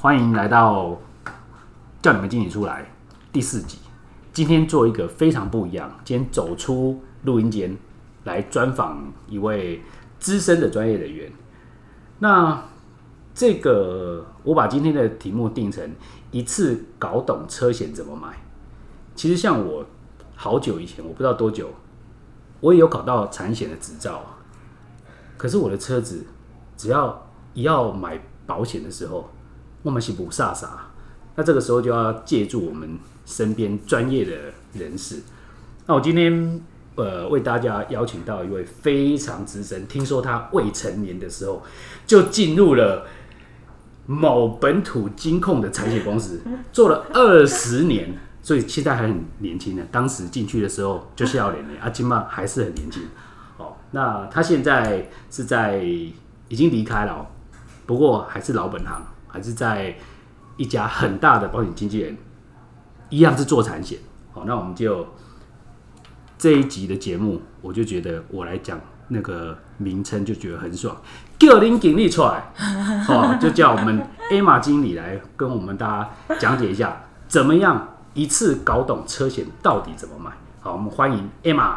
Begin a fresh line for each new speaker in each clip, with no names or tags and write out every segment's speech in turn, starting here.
歡迎來到叫你們經理出來第四集。今天做一個非常不一樣，今天走出錄音間來專訪一位資深的專業人員。那這個我把今天的題目定成一次搞懂車險怎麼買。其實像我好久以前，我不知道多久，我也有考到產險的執照，可是我的車子只要一要買保險的時候。我們是不傻傻，那這個時候就要借助我們身邊專業的人士。那我今天呃，為大家邀請到一位非常資深，聽說他未成年的時候就進入了某本土金控的產險公司，做了二十年，所以現在還很年輕呢。當時進去的時候就是要連臉，阿金媽還是很年輕哦。那他現在是在已經離開了，不過還是老本行。還是在一家很大的保險經紀人，一樣是做產險。好，那我們就這一集的節目，我就覺得我來講那個名稱就覺得很爽。叫林經理出來，好，就叫我們艾瑪經理來跟我們大家講解一下，怎麼樣一次搞懂車險到底怎麼買。好，我們歡迎艾瑪。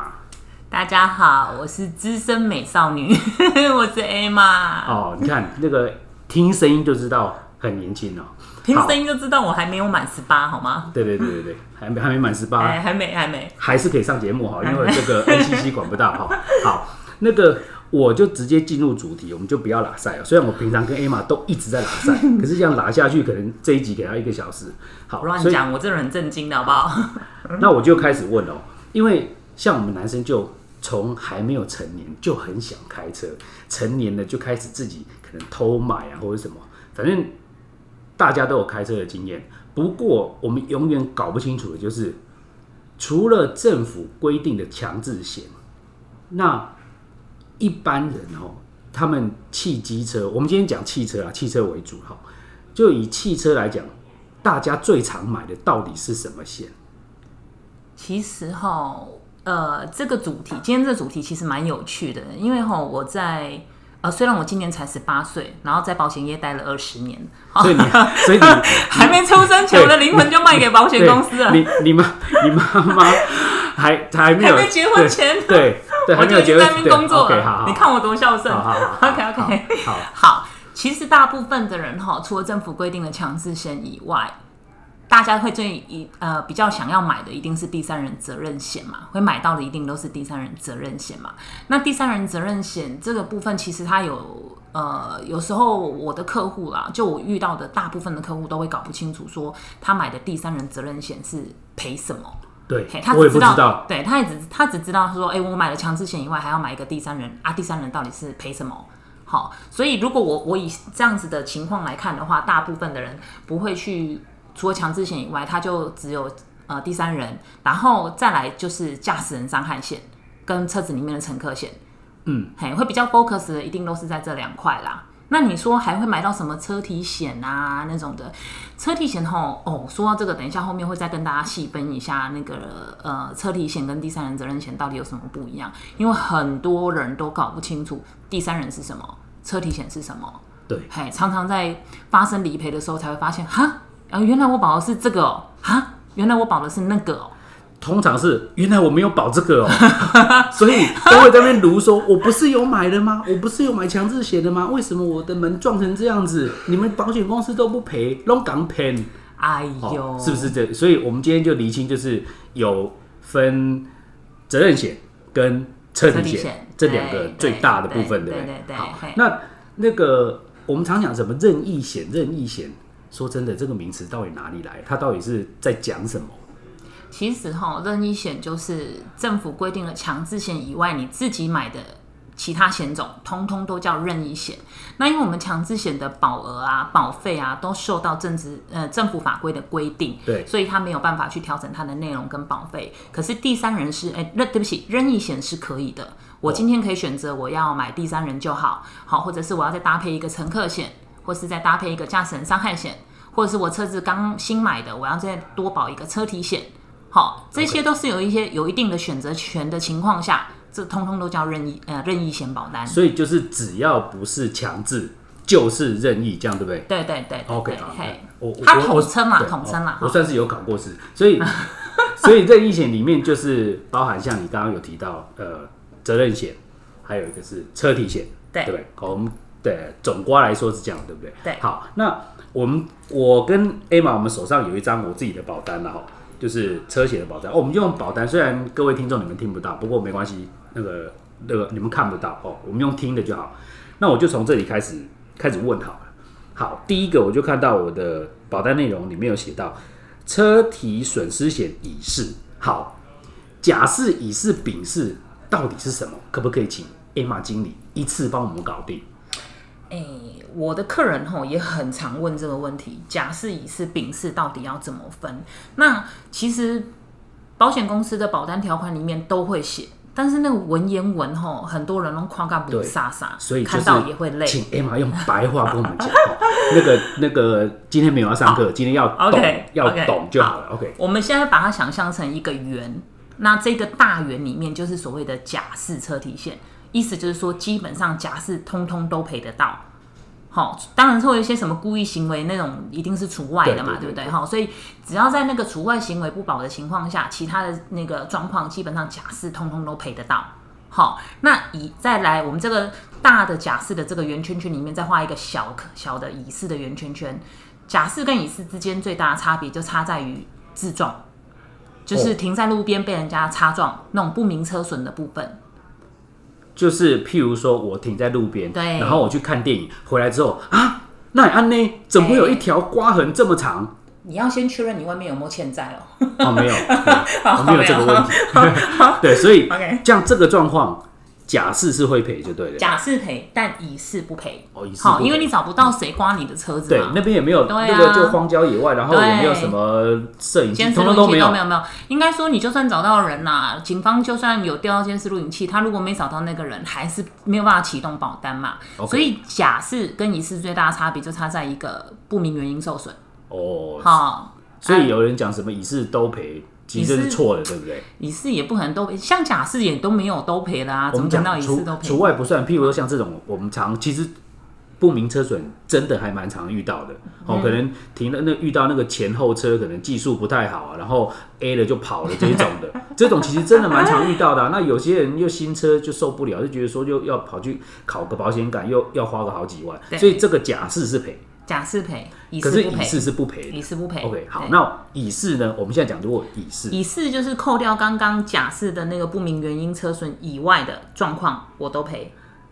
大家好，我是資深美少女， 我是艾瑪。哦，
你看那個。聽聲音就知道很年輕哦，聽聲音
就知道我還沒有滿十八，好嗎？對對對對對，
還還沒滿十八，還沒還沒，還是可以上節目哈，因為這個 NCC 管不到哈。好，那個我就直接進入主題，我們就不要喇賽了。雖然我平常跟 Emma 都一直在喇賽，可是這樣喇下去，可能這一集給他一個小時。好，亂講，我這人很正
經的好不好？那我
就開始問哦、喔，因為像我們男生，就從還沒有成年就很想開車，成年了就開始自己。偷買啊，或者什麼，反正大家都有開車的經驗。不過，我們永遠搞不清楚的就是，除了政府規定的強制險，那一般人哦、喔，他們汽機車，我們今天講汽車啊，汽車為主哈，就以汽車來講，大家最常買的到底是什麼險？
其實哈，呃，這個主題，今天這個主題其實蠻有趣的，因為哈，我在。呃，雖然我今年才十八歲，然後在保險業待了二十年，所以你，所以你還沒出生前，我的靈魂就賣給保險公司了。你、你們、你媽媽還
還還沒有結婚前，對對，還沒結婚我就在那邊工作了。OK，好，你看我多孝順。OK，OK，okay,
okay，好，好，好，好，好。其實大部分的人哈，除了政府規定的強制險以外。大家會最一呃比較想要買的一定是第三人責任險嘛，會買到的一定都是第三人責任險嘛。那第三人責任險這個部分，其實他有呃有時候我的客戶啦、啊，就我遇到的大部分的客戶都會搞不清楚，說他買的第三人責任險是賠什麼？對，他只知道，知道，對，他也只他只知道說，哎、欸，我買了強制險以外，還要買一個第三人，啊，第三人到底是賠什麼？好，所以如果我我以這樣子的情況來看的話，大部分的人不會去。除了強制險以外，它就只有呃第三人，然後再來就是駕駛人傷害險跟車子裡面的乘客險，嗯，嘿，會比較 focus 的一定都是在這兩塊啦。那你說還會買到什麼車體險啊那種的？車體險吼哦，說到這個，等一下後面會再跟大家細分一下那個呃車體險跟第三人責任險到底有什麼不一樣，因為很多人都搞不清楚第三人是什麼，車體險是什麼，對，嘿，常常在發生理賠的時候才會發現哈。啊、哦，原來我保的是這個哦！原來我保的是那個哦。
通常是原來我沒有保這個哦， 所以各位在那邊如說，我不是有買的嗎？我不是有買強制險的嗎？為什麼我的門撞成這樣子？你們保險公司都不賠，攏剛騙！哎呦，哦，是不是這？所以我們今天就釐清，就是有分責任險跟車險這兩個最大的部分的。對對，對
對對。好，
那那個我們常講什麼任意險？任意險。說真的，這個名詞到底哪裡來？它到底是在講什
麼？其實哈，任意險就是政府規定了強制險以外，你自己買的其他險種，通通都叫任意險。那因為我們強制險的保額啊、保費啊，都受到政治呃政府法規的規定，對，所以它沒有辦法去調整它的內容跟保費。可是第三人是誒，那、欸、對不起，任意險是可以的，我今天可以選擇我要買第三人就好、哦，好，或者是我要再搭配一個乘客險。或是再搭配一個駕駛人傷害險，或者是我車子剛新買的，我要再多保一個車體險，好，這些都是有一些有一定的選擇權的情況下，這通通都叫任意呃任意險保單。所以
就是只要不是強制，就是任意，這樣對不對？
對對對，對，對
，OK OK，他、啊啊、統稱嘛統稱嘛，我算是有考過試，所以 所以任意險裡面就是包含像你剛剛有提到呃責任險，還有一個是車體險，對對對。我們。對，總括來說是這樣，對不對？對。好，那我們我跟艾瑪，我們手上有一張我自己的保單了哈、喔，就是車險的保單、喔。我們用保單，雖然各位聽眾你們聽不到，不過沒關係，那個那個、呃、你們看不到哦、喔，我們用聽的就好。那我就從這裡開始開始問好了。好，第一個我就看到我的保單內容裡面有寫到車體損失險乙式好，甲式、乙式、丙式到底是什麼？可不可以請艾瑪經理一次幫我們搞定？
欸、我的客人吼也很常問這個問題，甲式乙式丙式到底要怎麼分？那其實保險公司的保單條款裡面都會寫，但是那個文言文吼很多人都誇干不殺殺，所以、就是、看到也會累。請
Emma 用白話跟我們講、 哦。那個那個，今天沒有要上課， 今天要 okay, OK 要懂就好了。好 OK，okay 我們
現在把它想象成一個圓，那這個大圓裡面就是所謂的甲式車體險。意思就是說，基本上甲式通通都賠得到。好、哦，當然會有一些什麼故意行為那種，一定是除外的嘛，對，對，對，對不對？哈、哦，所以只要在那個除外行為不保的情況下，其他的那個狀況，基本上甲式通通都賠得到。好、哦，那以再來我們這個大的甲式的這個圓圈圈裡面，再畫一個小小的小的乙式的圓圈圈。甲式跟乙式之間最大的差別，就差在於自撞，就是停在路邊被人家擦撞、哦、那種不明車損的部分。
就是譬如說，我停在路邊，對，然後我去看電影，回來之後啊，那安內怎麼會有一條刮痕這麼長？
欸、你要先確認你外面有沒有欠債哦。哦，沒有， 我沒有這個問題。
對，所以、okay. 這樣這個狀況。甲式是會賠，就對了。甲式
賠，但乙式不賠。哦，乙式不賠。好，因為你找不到誰刮你的車子嘛。對，
那邊也沒有，對不對？就荒郊野外，啊、然後也沒有什麼攝影監控都沒有，沒有
沒有。應該說，你就算找到人啦、啊，警方就算有調到監視錄影器，他如果沒找到那個人，還是沒有辦法啟動保單嘛。Okay. 所以甲式跟乙式最大的差別，就差在一個不明原因受損。
哦，好。嗯、所以有人講什麼乙式都賠。其實是錯的對
不對？乙式也不可能都賠，像甲式也都沒有都賠了啊。怎麼講到乙式都賠了？我們講，除、除外
不算，譬如說像這種我們常其實不明車損真的還蠻常遇到的。嗯、哦，可能停了那遇到那個前後車可能技術不太好啊，然後 A 了就跑了這種的，這種其實真的蠻常遇到的。啊。 那有些人又新車就受不了，就覺得說又要跑去烤個保險桿，又要花個好幾萬，所以這個甲式是
賠。甲式賠，可是乙式是不賠，乙式不賠。OK，好，那
乙式呢？我們現在講，如果乙式，乙式
就是扣掉剛剛甲式的那個不明原因車損以外的狀況，我都賠。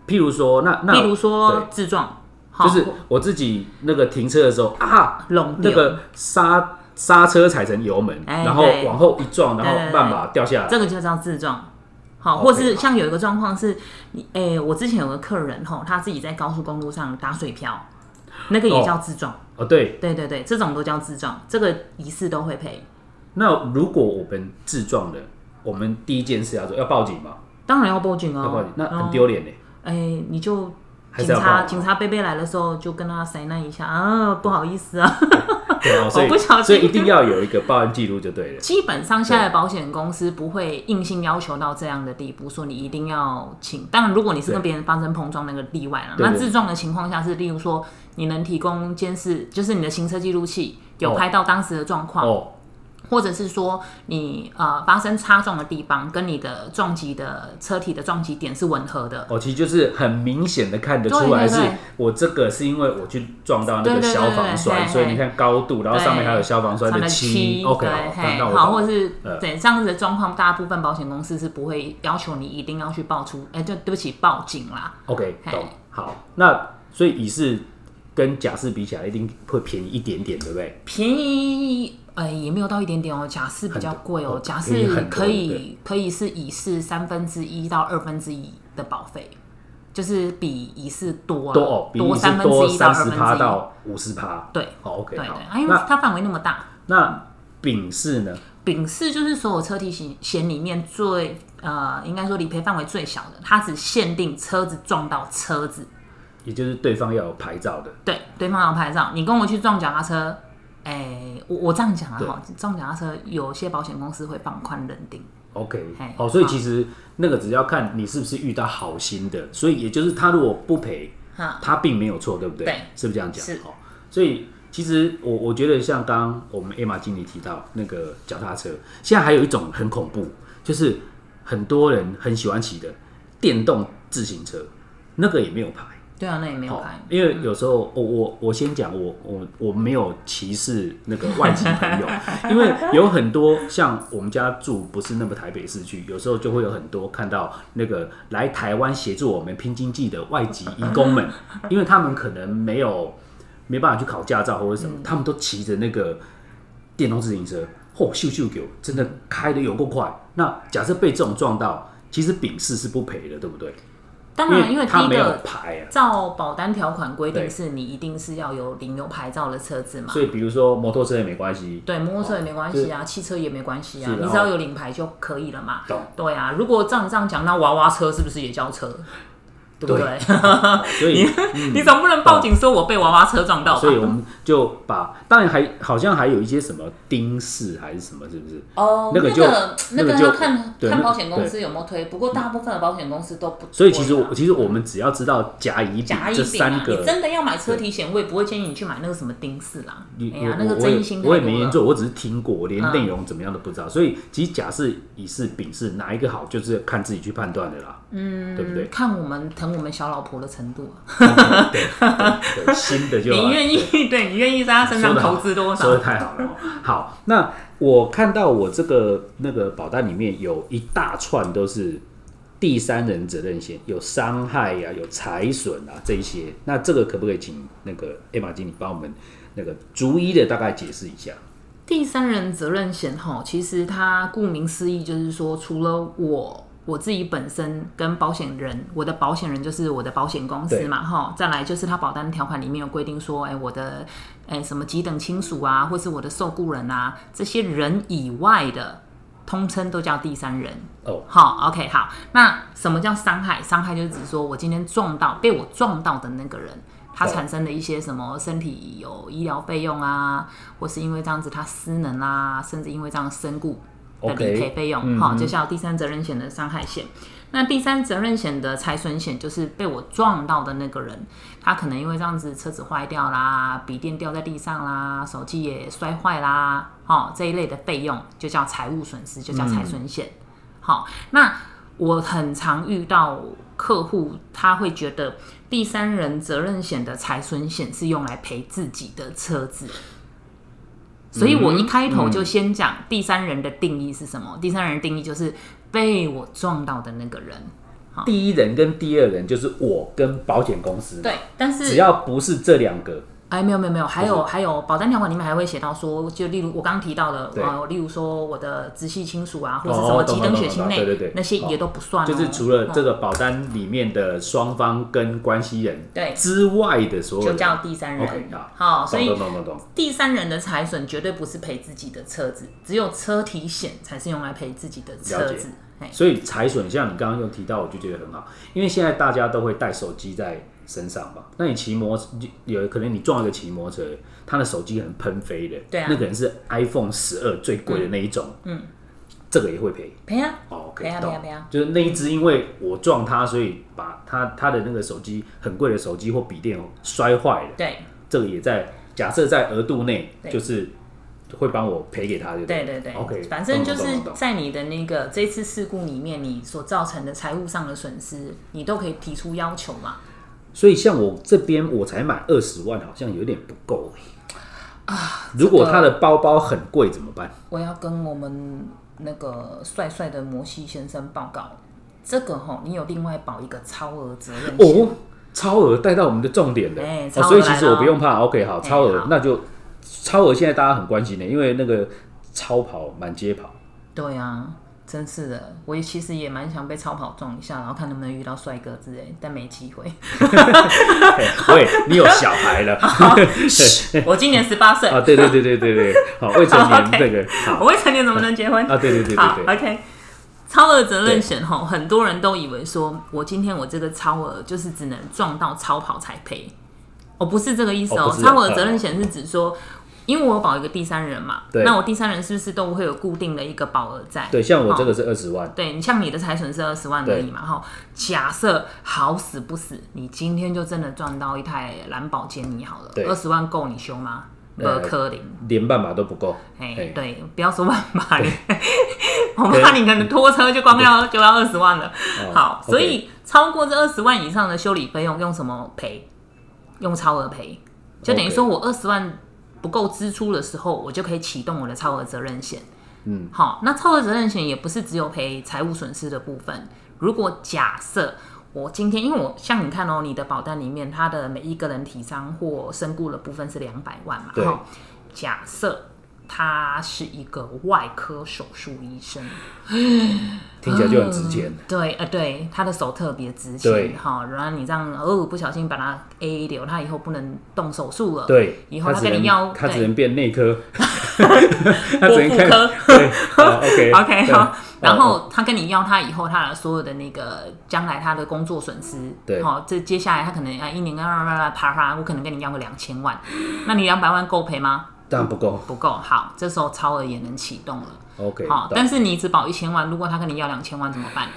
譬如說，那那譬如說自
撞，就是
我自己那個停車的時候啊弄，那個剎剎車踩成油門、欸，然後往後一撞，然後慢慢掉下來對對
對，這個就叫自撞。好，或是像有一個狀況是，哎、欸，我之前有個客人吼、喔，他自己在高速公路上打水漂。那個也叫自撞，哦哦、對對對對，這種都叫自撞，這個疑似都會賠。那
如果我們自撞了，我們第一件事要做，要報警嗎？
當然要報警啊、哦，要報警，那很丟臉的。哎、啊，你就。警察警察伯伯來的時候，就跟他 say 那一下啊，不好意思啊，對，呵呵，對，我不小心所。所以一
定要有一個報案記錄就對
了。基本上，現在保險公司不會硬性要求到這樣的地步，說你一定要請。當然，如果你是跟別人發生碰撞，那個例外啦。那自撞的情況下是，例如說你能提供監視，就是你的行車記錄器有拍到當時的狀況。哦哦或者是說你呃發生擦撞的地方跟你的撞擊的車體的撞擊點是吻合的，
哦，其實就是很明顯的看得出來對對對，是我這個是因為我去撞到那個消防栓，對對對對，所以你看高度，然後上面還有消防栓的漆，OK，好，好，好，或者是對這
樣子的狀況，大部分保險公司是不會要求你一定要去報出，哎、欸，就對，對不起報警啦
，OK，懂好，那所以乙式跟甲式比起來一定會便宜一點點，對不對？
便宜。呃、欸，也沒有到一點點，喔喔、哦。甲式比較貴哦，甲式可以可以是乙式三分之一到二分之一的保費，就是比乙式多、啊、多比多三分之一到二分之一到五十趴。對、
哦，OK，對，對好、啊，因為它範圍那麼大。那丙式呢？
丙式就是所有車體險險裡面最呃，應該說理賠範圍最小的，它只限定車子撞到車子，
也就是對方要有牌照的，
對，對方要有牌照。你跟我去撞腳踏車。哎、欸，我我這樣講啊，哈，這種腳踏車有些保險公司會放寬認定
，OK，好、哦，所以其實那個只要看你是不是遇到好心的，啊、所以也就是他如果不賠、啊，他並沒有錯，對不對？對，是不是這樣講？是，哦，所以其實我我覺得像剛剛我們 Emma 經理提到那個腳踏車，現在還有一種很恐怖，就是很多人很喜歡騎的電動自行車，那個也沒有賠。對啊，那也沒有賠、哦，因為有時候我我我先講，我我我沒有歧視那個外籍朋友， 因為有很多像我們家住不是那麼台北市區，有時候就會有很多看到那個來台灣協助我們拼經濟的外籍義工們， 因為他們可能沒有沒辦法去考駕照或者什麼，嗯、他們都騎着那個電動自行車，嚯咻咻咻，真的開得有夠快。那假設被這種撞到，其實丙式是不賠的，對
不對？當然，因為、啊、第一個，照保單條款規定，是你一定是要有領有牌照的車子嘛。所以，
比如說摩托車也沒關係，
對，摩托車也沒關係啊、哦，汽車也沒關係啊，你只要有領牌就可以了嘛。對啊，如果這樣這樣講，那娃娃車是不是也叫車？對，對，所以 你、嗯、你總不能報警說我被娃娃車撞到吧？所以我們
就把，當然還好像還有一些什麼丁式還是什麼，是不是？
哦，那個那個要看，那個，就看，看保險公司有沒有推。不過大部分的保險公司都
不。所以其實我其實我們只要知道甲乙丙這三個，啊，你真
的要買車體險，我也不會建議你去買那個什麼丁式啦。哎呀，那個真心我也沒研究，
我只是聽過，我連內容怎麼樣都不知道。嗯，所以其實甲式乙式、丙式哪一個好，就是看自己去判斷的啦。
嗯，對不對？看我們疼我們小老婆的程度啊、嗯。對，
新的就 你願意，
對你願意在他身上投資多少？說的好，說的太好了。
好，那我看到我這個那個保單裡面有一大串都是第三人責任險，有傷害呀、啊，有財損啊這一些。那這個可不可以請那個艾瑪經理幫我們那個逐一的大概解釋一下？
第三人責任險哈，其實他顧名思義就是說，除了我。我自己本身跟保險人，我的保險人就是我的保險公司嘛，齁，再來就是他保單條款裡面有規定說，哎、欸，我的，哎、欸，什麼幾等親屬啊，或是我的受僱人啊，這些人以外的，通稱都叫第三人。哦、oh.，好，OK，好，那什麼叫傷害？傷害就是指說我今天撞到被我撞到的那個人，他產生的一些什麼身體有醫療費用啊，或是因為這樣子他失能啊，甚至因為這樣身故。的理賠費用，好、okay, 嗯，接下來第三責任險的傷害險、嗯，那第三責任險的財損險就是被我撞到的那個人，他可能因為這樣子車子壞掉啦，筆電掉在地上啦，手機也摔壞啦，好、哦，這一類的費用就叫財務損失，就叫財損險。好、嗯哦，那我很常遇到客戶，他會覺得第三人責任險的財損險是用來賠自己的車子。所以我一開頭就先講第三人的定義是什麼？嗯嗯。第三人定義就是被我撞到的那個人。第一
人跟第二人就是我跟保險公司。對，
但是只要
不是這兩個。
哎，沒有沒有沒有，還有、哦、還有，保單條款裡面還會寫到說，就例如我剛剛提到的，呃，例如說我的直系親屬啊，或者什麼幾等血親內、哦，那些也都不算、哦哦。就是除了這個
保單裡面的雙方跟關係人對之外的時候、哦，就叫
第三人。OK, 好，好、哦哦，所以第三人的財損絕對不是賠自己的車子，只有車體險才是用來賠自己的車子。所以財
損，像你剛剛又提到，我就覺得很好，因為現在大家都會帶手機在。身上吧？那你騎摩有可能你撞一個騎摩車，他的手機很噴飛的對、啊，那可能是 iPhone 十二最貴的那一種，嗯，
嗯，這個也會賠賠啊，哦、okay, 啊，賠啊賠啊，啊，
就是那一只，因為我撞他，所以把他他的那個手機很貴的手機或筆電摔壞了，對，這個也在假設在額度內，就是會幫我賠給他對對，對對對，OK，反正就是
在你的那個這次事故裡面，你所造成的財務上的損失，你都可以提出要求嘛。
所以像我這邊我才買二十萬，好像有點不夠，欸啊、如果他的包包很貴怎麼辦？
我要跟我們那個帥帥的摩西先生報告這個哈、哦，你有另外保一個超額責任
險哦，超額帶到我們的重點了，欸哦，所以其實我不用怕。OK，欸欸、好，超額那就超額現在大家很關心的，欸，因為那個超跑滿街
跑，對啊。真是的，我也其實也蠻想被超跑撞一下，然後看能不能遇到帥哥之類，但沒機會。
喂， 你有小孩了？我
今年十八歲啊。對對對
對對對。好，好未成年那、okay, 這個。我未
成年怎麼能結婚啊？對對對對對。好，OK。超額責任險哈，很多人都以為說我今天我這個超額就是只能撞到超跑才賠，我、哦、不是這個意思哦。哦超額責任險是指說。因為我保一個第三人嘛對，那我第三人是不是都會有固定的一個保額在？對，像我這個是二十萬。哦。對，你像你的財損是二十萬而已嘛，哈、哦。假設好死不死，你今天就真的撞到一台藍寶堅尼好了，二十萬夠你修嗎？呃，柯林
連半把都不夠。哎、欸
欸，對，不要說萬把，你、欸、我怕你可能拖車就光要就光要二十萬了。好，okay, 所以超過這二十萬以上的修理費用用，用什麼賠？用超額賠，
就等於說
我二十萬。不夠支出的時候，我就可以啟動我的超額責任險。嗯，好、哦，那超額責任險也不是只有賠財務損失的部分。如果假設我今天，因為我像你看哦，你的保單裡面，它的每一個人體傷或身故的部分是兩百萬嘛，哈、哦，假設。他是一個外科手術醫生、嗯，
聽起來就很值錢、嗯、
對，呃，對，他的手特別值錢哈。然後你這樣哦、呃，不小心把他 A 掉，他以後不能動手術了。對，以後他，他，他跟你要，他只能
變內科、骨 科對、呃。OK OK。然後、呃、然後
他跟你要，他以後他的所有的那個將來他的工作損失，對，好，這接下來他可能啊一年慢啪啪，我可能跟你要個兩千萬，那你兩百萬夠賠嗎？但不夠、嗯，不夠好。這時候超額也能啟動了。
OK。好，但是你
只保一千萬，如果他跟你要兩千萬怎麼辦？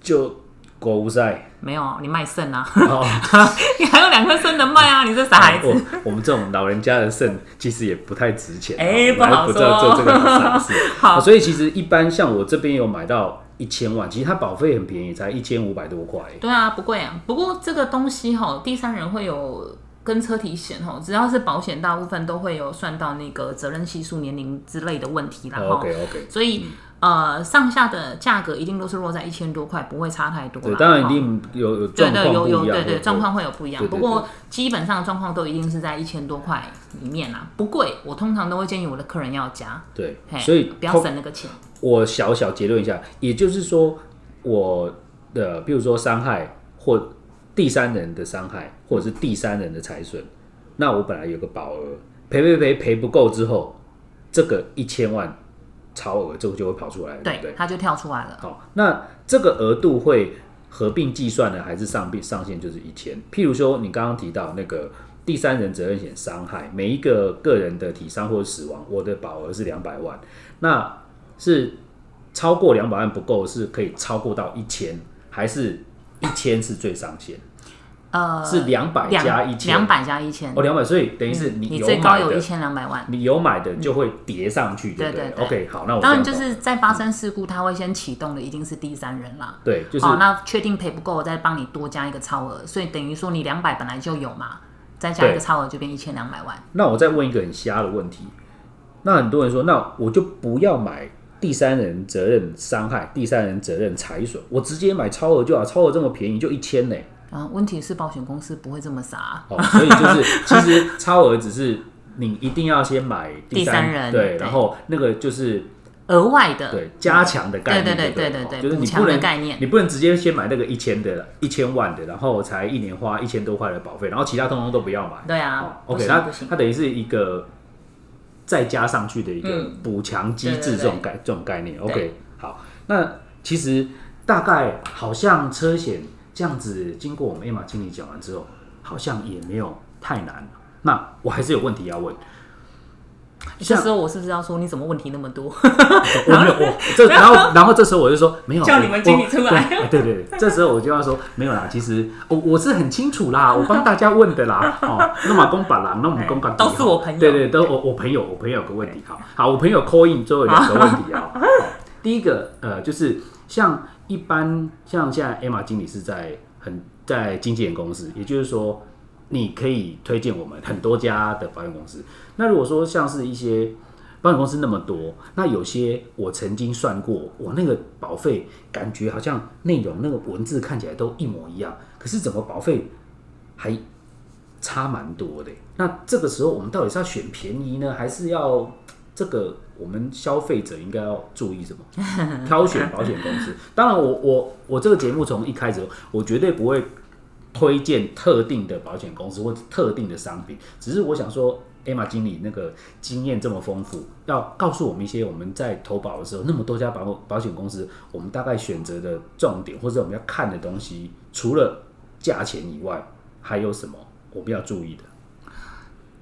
就國無債。
沒有，你賣腎啊？哦、 你還有兩顆腎能賣啊？你這傻孩子、哦。
我們這種老人家的腎其實也不太值錢，哎、欸哦欸，不好說 好。所以其實一般像我這邊有買到一千萬，其實它保費很便宜，才一千五百多塊。
對啊，不貴、啊。不過這個東西哈，第三人會有。跟車體險哦，只要是保險，大部分都會有算到那個責任係數、年齡之類的問題啦，然後。OK OK。所以、嗯、呃，上下的價格一定都是落在一千多塊，不會差太多啦。對當然一定
有,有狀況對對,對有有對對狀況會有不一樣，對對對
對不過基本上狀況都一定是在一千多塊裡面啦，不貴。我通常都會建議我的客人要加。對，
所以不要省那個錢。我小小結論一下，也就是說，我的比如說傷害或。第三人的傷害或者是第三人的財損，那我本來有個保額，賠賠賠賠不夠之後，這個一千萬超額，之後就會跑出來，對，
它就跳出來了。好、哦，
那這個額度會合併計算呢，還是上并上限就是一千？譬如說你剛剛提到那個第三人責任險傷害，每一個個人的體傷或者死亡，我的保額是兩百萬，那是超過兩百萬不夠，是可以超過到一千，還是？一千是最上限，
呃，是兩百加一千，兩百加一千，哦，兩百，
所以等於是你,、嗯、你最高有一千兩百萬，你有買的就會疊上去、嗯、對,對,對對對，OK，好，那我當然就是
在發生事故，嗯、他會先啟動的，一定是第三人啦，
對，就是，好，那
確定賠不夠，我再幫你多加一個超額，所以等於說你兩百本來就有嘛，再加一個超額就變一千兩百萬。
那我再問一個很瞎的問題，那很多人說，那我就不要買。第三人責任傷害，第三人責任財損，我直接買超額就好，超額這麼便宜就一千呢。
啊，問題是保險公司不會這麼傻、啊、哦。所以就是，
其實超額只是你一定要先買第三、第三人，對，然後那個就是額外的，對，加強的概念對對，對對對對對對、哦，就是你不能概念，你不能直接先買那個一千的一千萬的，然後才一年花一千多塊的保費，然後其他通通都不要買。對啊，OK，那、哦哦、它、它等於是一個。再加上去的一個補強機制，這種概這種概念，對對對對，OK，好，那其實大概好像車險這樣子，經過我們艾瑪經理講完之後，好像也沒有太難。那我還是有問題要問。
這時候我是不是要說，你怎麼問題那麼多，哦、 然
後我，沒有我這然後然後這時候我就說，沒有叫你們經理出來，欸、對，對對對， 這時候我就要說，沒有啦，其實我我是， 我是很清楚啦，我幫大家問的啦。 哦，那馬公把郎，那我們工都是我朋友，對對，對，對都我我朋友，我朋友有個問題。好，好好，我朋友 call in 最後有兩個問題啊。 第一個呃，就是像一般像現在 Emma 經理是在很在經紀人公司，也就是說。你可以推薦我們很多家的保險公司。那如果說像是一些保險公司那麼多，那有些我曾經算過，我那個保費感覺好像內容那個文字看起來都一模一樣，可是怎麼保費還差蠻多的欸？那這個時候我們到底是要選便宜呢，還是要這個我們消費者應該要注意什麼？
挑選保險公
司。 當然我，我我我這個節目從一開始我絕對不會。推薦特定的保險公司或特定的商品，只是我想說，Emma 經理那個經驗這麼豐富，要告訴我們一些我們在投保的時候，那麼多家保保險公司，我們大概選擇的重點或者我們要看的東西，除了價錢以外，還有什麼我比較注意的？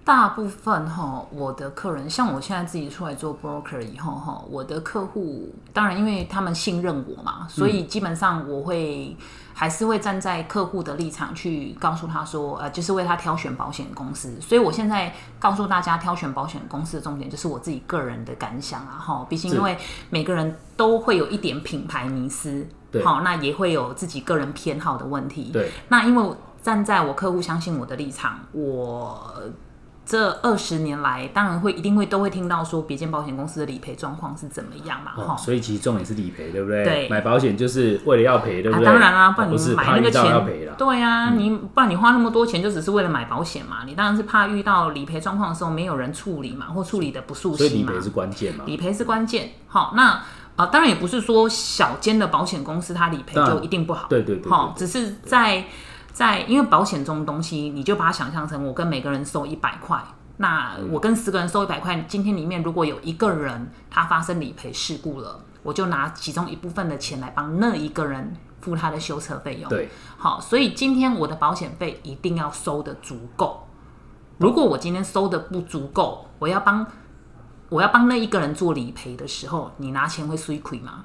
大部分哈，我的客人像我現在自己出來做 broker 以後哈，我的客戶當然因為他們信任我嘛，所以基本上我會。還是會站在客戶的立場去告訴他說，呃，就是為他挑選保險公司。所以我現在告訴大家挑選保險公司的重點，就是我自己個人的感想啊，哈。畢竟因為每個人都會有一點品牌迷思，好，那也會有自己個人偏好的問題。對，那因為我站在我客戶相信我的立場，我。這二十年來，當然會一定會都會聽到說，別間保險公司的理賠狀況是怎麼樣嘛？哦、所
以其實重點是理賠，對不對？對，買保險就是為了要賠，對不對？啊、當然啦、啊，不然你買那
個錢要賠了，對呀、啊嗯，你不然你花那麼多錢，就只是為了買保險嘛？你當然是怕遇到理賠狀況的時候，沒有人處理嘛，或處理的不熟悉嘛？所以理賠
是關鍵嘛？理
賠是關鍵。好、哦，那啊、呃，當然也不是說小間的保險公司它理賠就一定不好，對對對，對，對，對對對。只是在。在，因為保險這種的東西，你就把它想象成我跟每個人收一百塊，那我跟十個人收一百塊。今天裡面如果有一個人他發生理賠事故了，我就拿其中一部分的錢來幫那一個人付他的修車費用。對，好，所以今天我的保險費一定要收得足夠。如果我今天收得不足夠，我要幫我要幫那一個人做理賠的時候，你拿錢會虧嗎？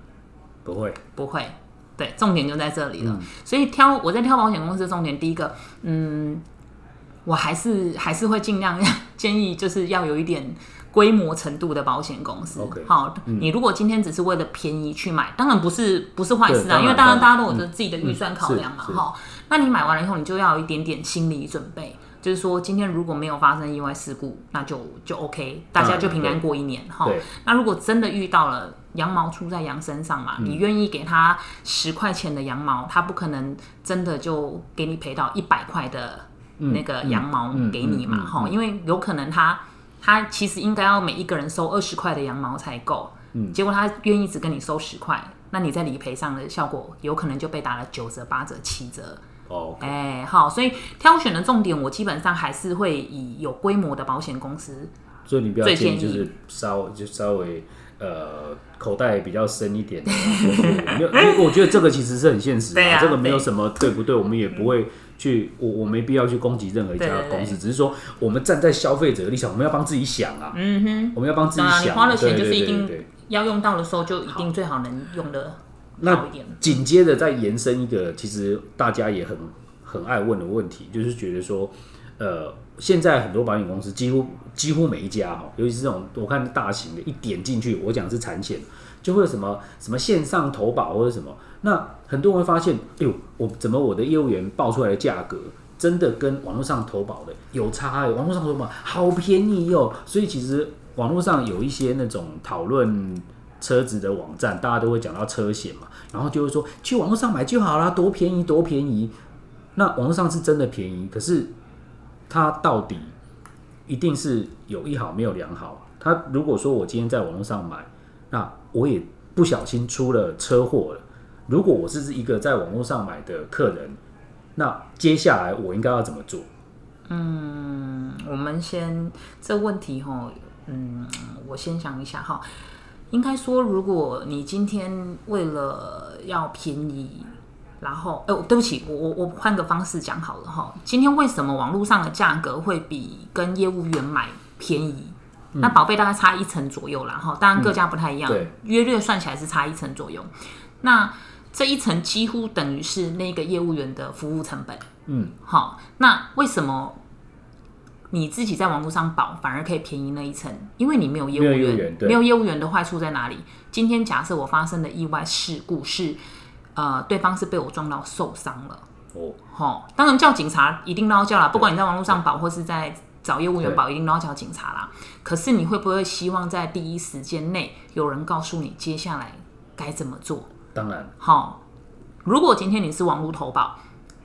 不會，
不會。對，重點就在這裡了。嗯、所以挑我在挑保險公司的重點第一個，嗯，我還是還是會盡量 建議，就是要有一點規模程度的保險公司。Okay, 好、嗯，你如果今天只是為了便宜去買，當然不是不是壞事啊，當然因為大家大家都有著自己的預算考量嘛，哈、嗯嗯。那你買完了以後，你就要有一點點心理準備，就是說今天如果沒有發生意外事故，那就就 OK，大家就平安過一年哈、啊。那如果真的遇到了，羊毛出在羊身上嘛，你願意給他十塊錢的羊毛、嗯，他不可能真的就給你賠到一百塊的那個羊毛給你嘛，哈、嗯嗯嗯嗯嗯嗯嗯，因為有可能他他其實應該要每一個人收二十塊的羊毛才夠、嗯，結果他願意只跟你收十塊，那你在理賠上的效果有可能就被打了九折、八折、七折。哦，哎、okay，好、欸，所以挑選的重點，我基本上還是會以有規模的保險公司最，你不要最便宜，建議就是
稍就稍微。嗯呃，口袋比較深一點的，因 為我、欸、我覺得這個其實是很現實、啊，這個沒有什麼對，對不對，我們也不會去，我我沒必要去攻擊任何一家公司對對對，只是說我們站在消費者的立場，我們要幫自己想啊，嗯
哼，我們
要幫自己想、啊，你花了錢，對對對對對對，就是一
定要用到的時候就一定最好能用的，
那一點。緊接着再延伸一個，其實大家也很很愛問的問題，就是覺得說。呃，現在很多保險公司幾乎幾乎每一家哈，尤其是這種我看大型的，一點進去，我講是產險，就會有什麼什麼線上投保或者什麼，那很多人會發現，哎呦，我怎麼我的業務員報出來的價格真的跟網絡上投保的有差欸？網絡上投保好便宜喲。所以其實網絡上有一些那種討論車子的網站，大家都會講到車險嘛，然後就會說去網絡上買就好啦，多便宜多便宜。那網絡上是真的便宜，可是。他到底一定是有一好沒有兩好，啊。他如果說我今天在網絡上買，那我也不小心出了車禍了。如果我是一個在網絡上買的客人，那接下來我應該要怎麼做？嗯，
我們先這問題哈，哦，嗯，我先想一下哈，哦。應該說，如果你今天為了要便宜，然後，哎、哦，對不起，我我我換個方式講好了哈。今天為什麼網絡上的價格會比跟業務員買便宜？嗯、那保費大概差一成左右啦。哈。當然各家不太一樣、嗯，對，約略算起來是差一成左右。那這一層幾乎等於是那個業務員的服務成本。嗯、好、哦。那為什麼你自己在網絡上保反而可以便宜那一層？因為你沒有業務員，沒業務員對，沒有業務員的壞處在哪裡？今天假設我發生的意外事故是。呃，對方是被我撞到受傷了。Oh. 哦，好，當然叫警察一定都要叫啦。不管你在網絡上保或是在找業務員保，一定都要叫警察啦。可是你會不會希望在第一時間內有人告訴你接下來該怎麼做？當然，好、哦。如果今天你是網絡投保，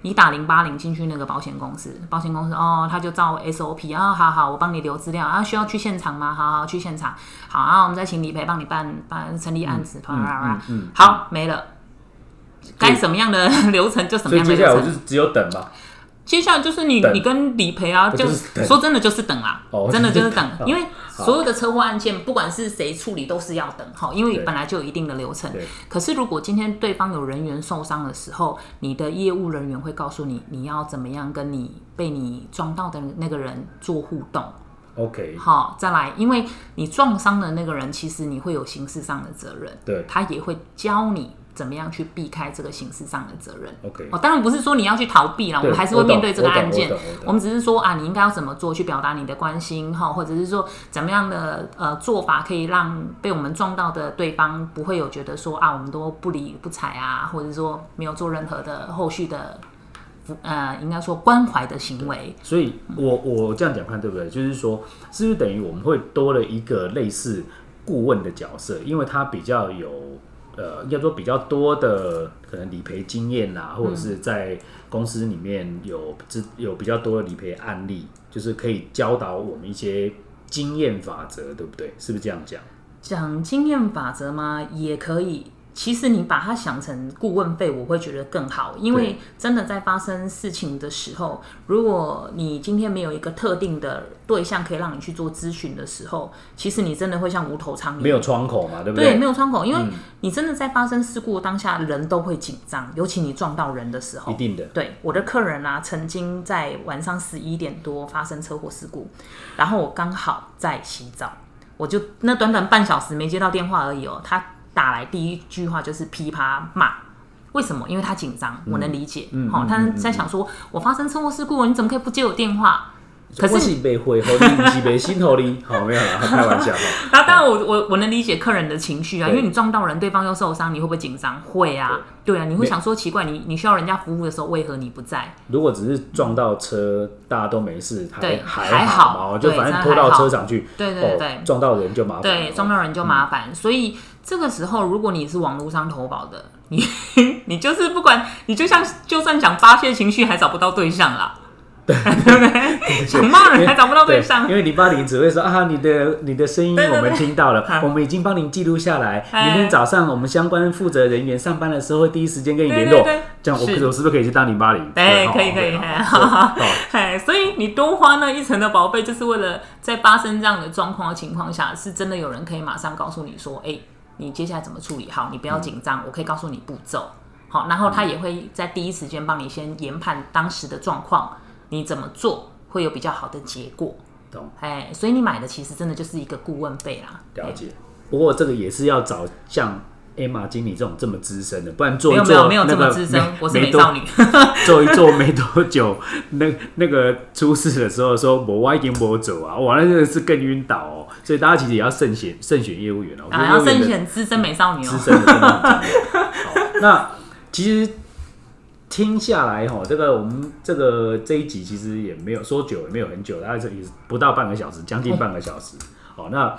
你打零八零進去那個保險公司，保險公司哦，他就照 SOP 啊、哦，好好，我幫你留資料啊，需要去現場嗎？好好，去現場。好啊，我們再請理賠幫你辦辦成立案子，嗯，好，沒了。該什麼樣的流程就什麼樣的流程。所以接下來我
就只有等吧。
接下來就是你你跟理賠啊，就，就是等說真的就是等啊，oh, 真的就是等， 因為所有的車禍案件，不管是誰處理都是要等。好，因為本來就有一定的流程。可是如果今天對方有人員受傷的時候，你的業務人員會告訴你你要怎麼樣跟你被你撞到的那個人做互動。
OK。
好，再來，因為你撞傷的那個人，其實你會有刑事上的責任。對。他也會教你。怎麼樣去避開這個刑事上的責任？OK，、哦、當然不是說你要去逃避了，我們還是會面對這個案件。哦哦哦哦哦哦、我們只是說啊，你應該要怎麼做去表達你的關心哈，或者是說怎麼樣的呃做法可以讓被我們撞到的對方不會有覺得說啊，我們都不理不睬啊，或者說沒有做任何的後續的呃，應該說關懷的行為。
所以我，我我這樣講看、嗯、對不對？就是說，是不是等於我們會多了一個類似顧問的角色，因為他比較有。呃，要做比較多的可能理賠經驗啦，嗯，或者是在公司裡面有有比較多的理賠案例，就是可以教導我們一些經驗法則，對不對？是不是這樣講？
講經驗法則嗎？也可以。其實你把它想成顧問費，我會覺得更好，因為真的在發生事情的時候，如果你今天沒有一個特定的對象可以讓你去做諮詢的時候，其實你真的會像無頭蒼蠅，沒有窗
口嘛，對不對？對，沒有窗口，因為
你真的在發生事故、嗯、當下，人都會緊張，尤其你撞到人的時候，一定的。對我的客人啊，曾經在晚上十一點多發生車禍事故，然後我剛好在洗澡，我就那短短半小時沒接到電話而已哦，他。打來第一句話就是噼啪罵，為什麼？因為他緊張，我能理解。好、嗯哦，他在想說：“嗯嗯嗯嗯、我發生車禍事故，你怎麼可以不接我電話？”可是
被毀你立即被心頭哩， 好沒有了，開玩笑哈。
那當然我，我我我能理解客人的情緒啊，因為你撞到人，對方又受傷，你會不會緊張？會啊對，對啊，你會想說奇怪，你你需要人家服務的時候，為何你不在？
如果只是撞到車，大家都沒事對，對，還好，就反正拖到車廠去。對對對、哦，撞到人就麻煩、哦，對，
撞到人就麻煩、嗯，所以。這個時候，如果你是網絡上投保的，你你就是不管，你就像就算想發洩情緒，還找不到對象啦。對，想罵人還找不到對象。對對對對，
因為對，因為你8 0只會說啊，你的你的聲音我們聽到了，對對對我們已經幫您記錄下來對對對，明天早上我們相關負責人員上班的時候會第一時間跟你聯絡對對對。這樣我可是我是不是可以去打你8 0哎，可以可以，好。哎，
所以你多花那一層的保費就是為了在發生這樣的狀況的情況下，是真的有人可以馬上告訴你說，哎、欸。你接下來怎麼處理？好，你不要緊張、嗯，我可以告訴你步驟，好，然後他也會在第一時間幫你先研判當時的狀況，你怎麼做會有比較好的結果。懂？哎、欸，所以你買的其實真的就是一個顧問費啦。了解、
欸。不過這個也是要找像。黑馬經理這種這麼資深的，不然做一做那個，沒有沒有，沒有這麼資深。我是美少女， 做一做沒多久，那那個出事的時候說我歪點我走啊，我那個是更暈倒哦。所以大家其實也要慎選慎選業務員哦，啊我啊要慎選
資深美少女哦。資深的美少
女。好，那其實聽下來哈、哦，這個我們這個這一集其實也沒有說久，沒有很久，大概這也不到半個小時，將近半個小時、欸。好，那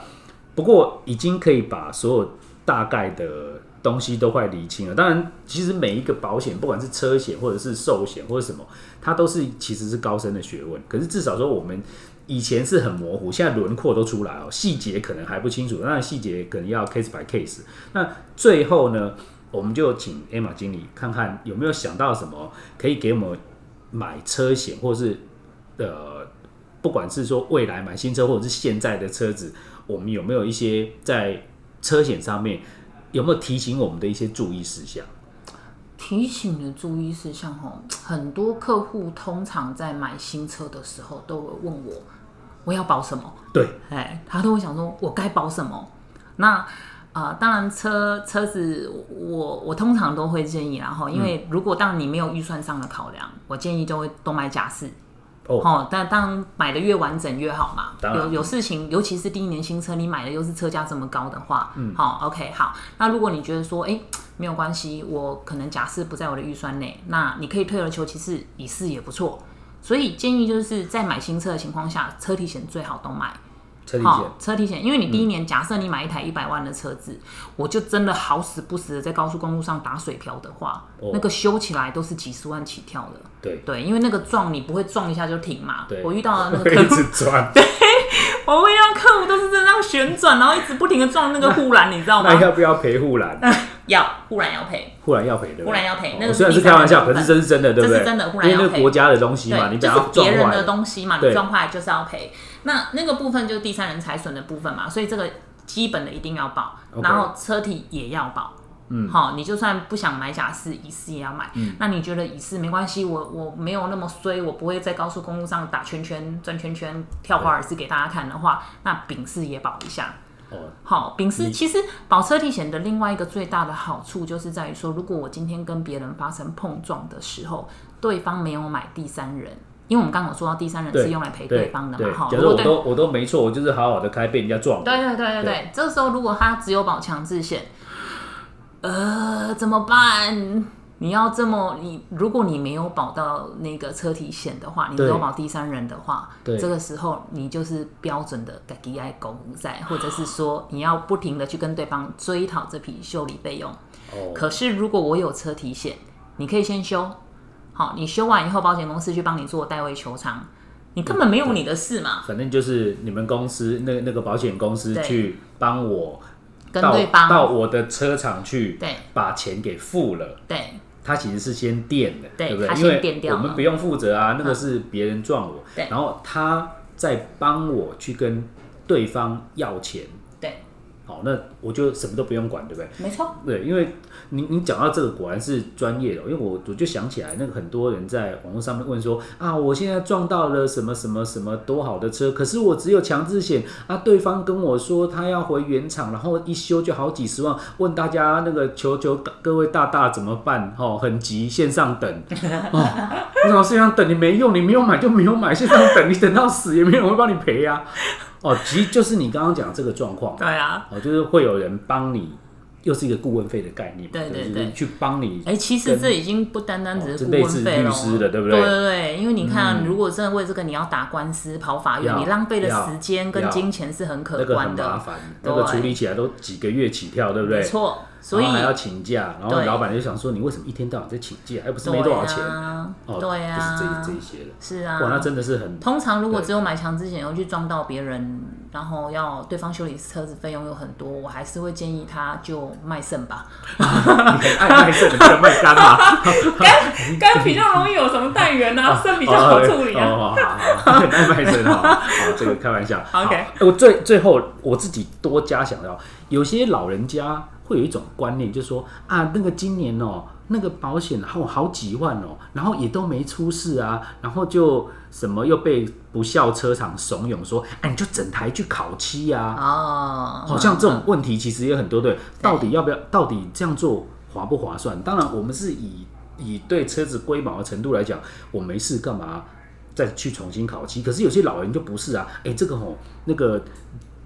不過已經可以把所有。大概的東西都快理清了。當然，其實每一個保險，不管是車險或者是壽險或者什麼，它都是其實是高深的學問。可是至少說，我們以前是很模糊，現在輪廓都出來哦，細節可能還不清楚。那細節可能要 case by case。那最後呢，我們就請 Emma 經理看看有沒有想到什麼可以給我們買車險，或者是呃，不管是說未來買新車，或者是現在的車子，我們有沒有一些在。車險上面有沒有提醒我們的一些注意事項？
提醒的注意事項哦，很多客戶通常在買新車的時候都會問我，我要保什麼？對，哎，他都會想說我該保什麼？那、呃、當然車車子我我通常都會建議啦，然後因為如果當你沒有預算上的考量，嗯、我建議就會都買甲式。Oh, 哦，但當買的越完整越好嘛，有有事情，尤其是第一年新車，你買的又是車價這麼高的話，嗯，好、哦，OK，好，那如果你覺得說，哎、欸，沒有關係，我可能甲式不在我的預算內，那你可以退而求其次，乙式也不錯，所以建議就是在買新車的情況下，車體險最好都買。好車體險、哦，因為你第一年假設你買一台一百萬的車子，嗯、我就真的好死不死的在高速公路上打水漂的話，哦、那個修起來都是幾十萬起跳的。對對，因為那個撞你不會撞一下就停嘛。對，我遇到的那個車子撞。我會讓客戶都是在那樣旋轉，然後一直不停的撞那個護欄， 你知道嗎？那要
不要賠護欄？
要，護欄要賠，護欄要賠
的，護欄要賠。那個、哦、雖然是開玩笑，可是，真是真，這是真的，對不對？這是真的，護欄要賠，因為是國家的東西嘛，你要要撞別、就是、人的東西嘛，你撞
壞就是要賠。那那個部分就是第三人財損的部分嘛，所以這個基本的一定要保，然後車體也要保。Okay. 嗯，好，你就算不想買甲式乙式也要買。嗯，那你覺得乙式沒關係？我我沒有那麼衰，我不會在高速公路上打圈圈轉圈圈跳華爾茲給大家看的話，那丙式也保一下。哦，好，丙式其實保車體險的另外一個最大的好處就是在於說，如果我今天跟別人發生碰撞的時候，對方沒有買第三人，因為我們剛剛有說到第三人是用來賠對方的嘛，哈。其實我都
我都沒錯，我就是好好的開被人家撞。
對對對對對，對，對，對，這個時候如果他只有保強制險。呃，怎麼辦？你要這麼，你如果你沒有保到那個車體險的話，你只有保第三人的話，這個時候你就是標準的給 DI 狗仔，或者是說你要不停的去跟對方追討這筆修理費用、哦。可是如果我有車體險，你可以先修，好、哦，你修完以後保險公司去幫你做代位求償，你根本沒有你的事嘛。反正就是你
們公司那那個保險公司去幫我。
到到
我的車廠去，對，把錢給付了，對，他其實是先墊的，對不對？因為我們不用負責啊、嗯，那個是別人撞我，對、嗯，然後他再幫我去跟對方要錢。好那我就什麼都不用管，對不對？
沒
錯，對，因為你你講到這個，果然是專業的，因為我我就想起來，那個很多人在網絡上面問說啊，我現在撞到了什麼什麼什麼多好的車，可是我只有強制險啊，對方跟我說他要回原廠，然後一修就好幾十萬，問大家那個求求各位大大怎麼辦？哦，很急，線上等 哦，那我線上等，你沒用，你沒有買就沒有買，線上等你等到死也沒有人會幫你賠啊。哦，其實就是你剛剛講這個狀況， 對啊，哦，就是會有人幫你，又是一個顧問費的概念，對對對，就是、去幫你。哎、欸，其實這已
經不單單只是顧問費、哦、律師了，對不對？對對對，因為你看、嗯，如果真的為這個你要打官司、跑法院，你浪費的時間跟金錢是很可觀的，那個、很麻煩，那個處理
起來都幾個月起跳，對不對？沒錯。所以還要請假，然後老闆就想說，你為什麼一天到晚在請假，又不是沒多少錢？對啊，哦，
就是這些這一些了。是啊，哇，那真的是很。通常如果只有買強制險，要去撞到別人，然後要對方修理車子費用有很多，我還是會建議他就賣腎吧、啊。你很愛賣腎，你不能賣肝嘛。肝比較容易有什麼代源啊，腎、啊、比較好處理啊。很愛賣腎啊！哦哦、好，好，好，好，好、嗯，
這個開玩
笑。
OK，我最最後我自己多加想到，有些老人家會有一種觀念，就是說啊，那個今年哦。那個保險後、喔，好幾萬哦、喔，然後也都沒出事啊，然後就什麼又被不肖車廠慫恿說，哎、欸，你就整台去烤漆呀、啊？哦、oh, oh,，oh,
oh. 好像這種
問題其實也很多對，對，到底要不要？到底這樣做划不划算？當然，我們是以以對車子龜毛的程度來講，我沒事幹嘛再去重新烤漆？可是有些老人就不是啊，哎、欸，這個吼、喔、那個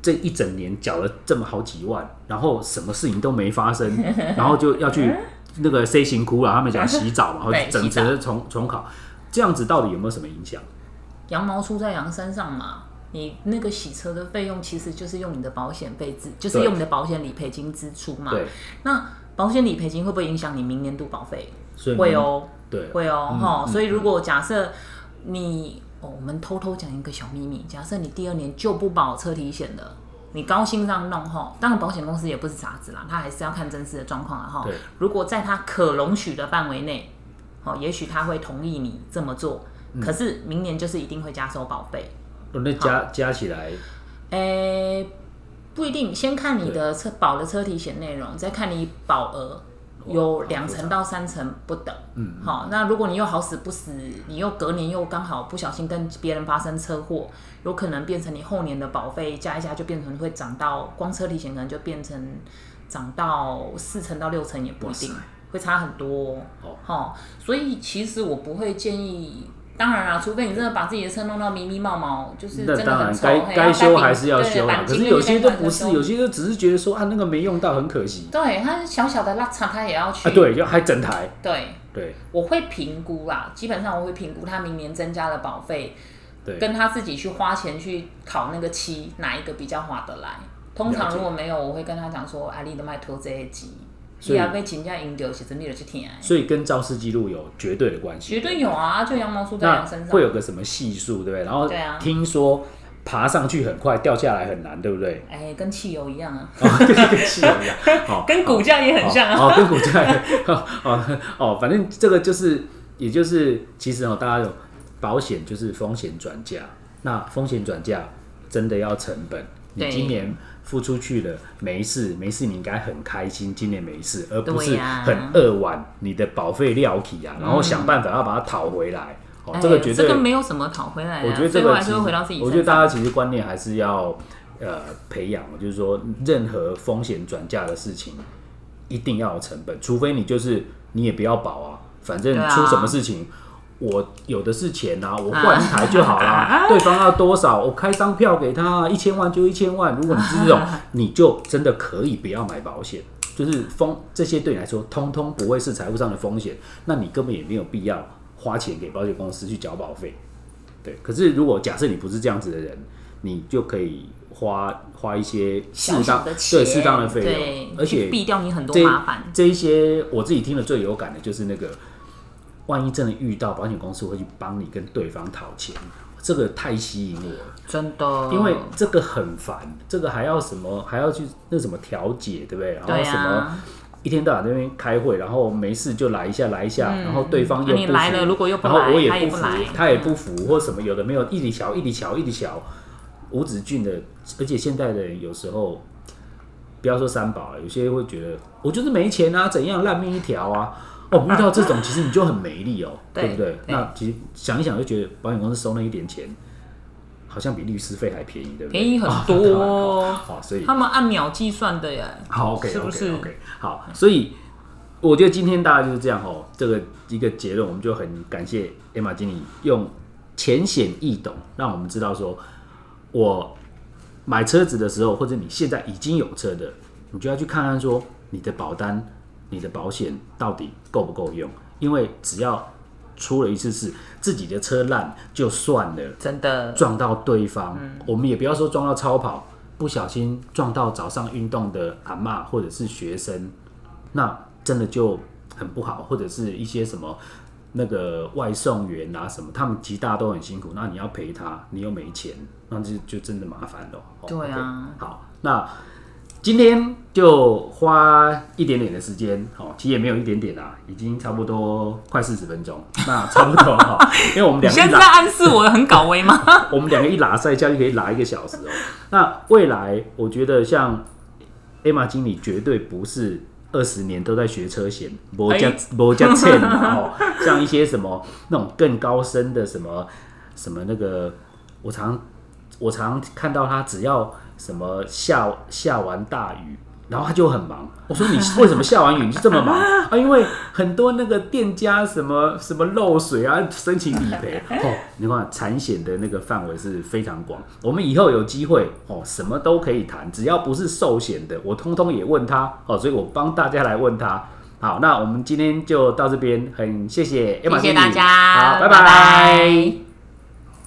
這一整年繳了這麼好幾萬，然後什麼事情都沒發生， 然後就要去。那個 C 型窟啊，他們講洗澡 然後整車重重考，這樣子到底有沒有什麼影響？
羊毛出在羊身上嘛，你那個洗車的費用其實就是用你的保險費支，就是用你的保險理賠金支出嘛。對。那保險理賠金會不會影響你明年度保費？會哦、喔，對，會哦、喔嗯，所以如果假設你、嗯，我們偷偷講一個小秘密，假設你第二年就不保車體險了。你高興讓弄哈，當然保險公司也不是傻子啦，他還是要看真實的狀況的哈。對。如果在他可容許的範圍內，哦，也許他會同意你這麼做、嗯。可是明年就是一定會加收保費。
那、嗯、加加起來，
誒、欸，不一定，先看你的車保的車體險內容，再看你保額。有兩成到三成不等，好、嗯哦，那如果你又好死不死，你又隔年又剛好不小心跟別人發生車禍，有可能變成你後年的保費加一加就變成會漲到，光車體險可能就變成漲到四成到六成也不一定，會差很多，哦。好、哦哦，所以其實我不會建議。當然啦、啊，除非你真的把自己的車弄到迷迷茂茂，就是真的很臭，那當然該該修還是要修，可是有些都不是，嗯、有
些就只是覺得說啊那個沒用到，很可惜。
對，他小小的落差，他也要去、啊、對，
要還整台。對對，
我會評估啦，基本上我會評估他明年增加的保費，
對，跟他
自己去花錢去考那個漆哪一個比較划得來？通常如果沒有，我會跟他講說，I need to b t 所以被情價引掉，寫成你有去填。
所以跟肇事記錄有絕對的關係。
絕對有啊，就羊毛出在羊身上。那會有
個什麼係數，對不對？然後聽說爬上去很快，掉下來很難，對不對？哎、欸，
跟汽油一樣啊，跟、哦、 汽油一樣，哦、
跟
股價也很像啊，跟股價哦哦，
哦，哦，哦，哦，反正這個就是，也就是其實哦，大家有保險就是風險轉嫁，那風險轉嫁真的要成本，你今年。付出去了沒事，沒事，你應該很開心。今年沒事，而不是很扼腕、啊。你的保費料起呀、啊，然後想辦法要把它討回
來、嗯喔。這個絕對、哎這個、沒有什麼討回來的。我覺得這個最後還是回到自己。我覺得大
家其實觀念還是要呃培養，就是說任何風險轉嫁的事情一定要有成本，除非你就是你也不要保啊，反正出什麼事情。我有的是錢啊，我換一台就好啦。對方要多少，我開張票給他啊，一千萬就一千萬。如果你是這種，你就真的可以不要買保險，就是風這些對你來說，通通不會是財務上的風險，那你根本也沒有必要花錢給保險公司去繳保費。對，可是如果假設你不是這樣子的人，你就可以花花一些適當的對適當的費用，而且避掉你很多麻煩。這一些我自己聽的最有感的就是那個。萬一真的遇到，保險公司會去幫你跟對方討錢，這個太吸引我了。
真的，因為
這個很煩，這個還要什麼，還要去那什麼調解，對不對？然後什麼一天到晚在那邊開會，然後沒事就來一下，來一下，然後對方又不服，然後我也不服，他也不服，或什麼有的沒有，一直喬一直喬一直喬，無止盡的，而且現在的人有時候，不要說三寶了，有些會覺得我就是沒錢啊，怎樣爛命一條啊。哦，遇到這種、啊、其實你就很沒力哦，對,對不對,對？那其實想一想就覺得保險公司收那一點錢，好像比律師費還便宜，對不對？便宜很多哦，哦，啊、好好所以他
們按秒計算的耶。好，OK，是不是 okay,？OK，
好，所以我覺得今天大家就是這樣哦，這個一個結論，我們就很感謝 Emma 經理用淺顯易懂，讓我們知道說，我買車子的時候，或者你現在已經有車的，你就要去看看說你的保單。你的保險到底夠不夠用？因為只要出了一次事，自己的車爛就算了，真的撞到對方，嗯，我們也不要說撞到超跑，不小心撞到早上運動的阿嬤或者是學生，那真的就很不好，或者是一些什麼那個外送員啊什麼，他們極大都很辛苦，那你要賠他，你又沒錢，那就就真的麻煩
了，哦。對啊，okay. 好，
那。今天就花一點點的時間，哦，其實也沒有一點點啦，啊，已經差不多快四十分鐘， 那差不多哈。因為我們兩個，你現在是在暗示我的
很搞威嗎？
我們兩個一拉塞，這就可以拉一個小時哦，喔。那未來，我覺得像艾瑪經理絕對不是二十年都在學車險，博加博加趁哦，欸喔， 像一些什麼那種更高深的什麼什麼那個，我常我常看到他只要。什麼下下完大雨，然後他就很忙。我、哦、說，你為什麼下完雨你就這麼忙 啊？因為很多那個店家什麼什麼漏水啊，申請理賠哦。你看產險的那個範圍是非常廣。我們以後有機會哦，什麼都可以談，只要不是壽險的，我通通也問他、哦、所以我幫大家來問他。好，那我們今天就到這邊，很謝謝，謝謝大家，好，拜拜。拜拜。